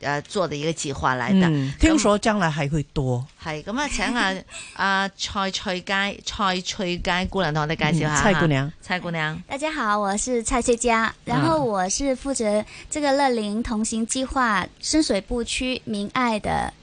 呃，做的一個計劃來的、嗯、聽說將來還會多。係咁啊，請阿蔡翠佳、蔡翠佳、姑娘同我哋介紹下。蔡姑娘，蔡姑娘，大家好，我是蔡翠佳，然後我是負責這個樂齡同行計劃深水埗區明愛的。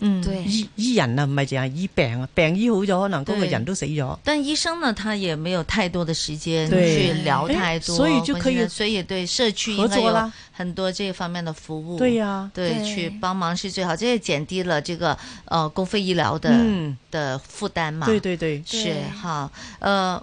嗯，對，醫醫人呢唔係淨係醫病啊，病醫好咗，可能嗰個人都死咗。但醫生呢，他也沒有太多的時間去聊太多，欸，所以就可以，所以對社區應該有很多這方面的服務。對呀，啊，對，對去幫忙是最好，這也減低了這個，呃，公費醫療的，嗯，的負擔嘛。對對對，對，是哈，呃。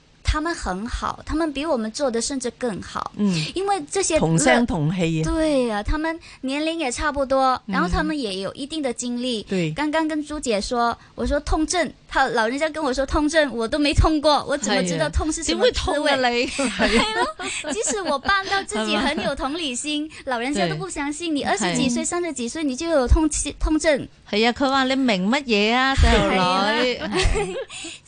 他們很好，他們比我們做的甚至更好。嗯，因為這些同聲同氣、啊、對呀、啊，他們年齡也差不多、嗯，然後他們也有一定的經歷。對，剛剛跟朱姐說，我說痛症，他老人家跟我說痛症，我都沒痛過，我怎麼知道痛是什麼滋味嘞？對、啊啊 是啊、 即使我扮到自己很有同理心，老人家都不相信你，啊、你二十幾歲、啊、三十幾歲你就有痛氣痛症。是啊，佢話你明乜嘢啊，細路女、啊。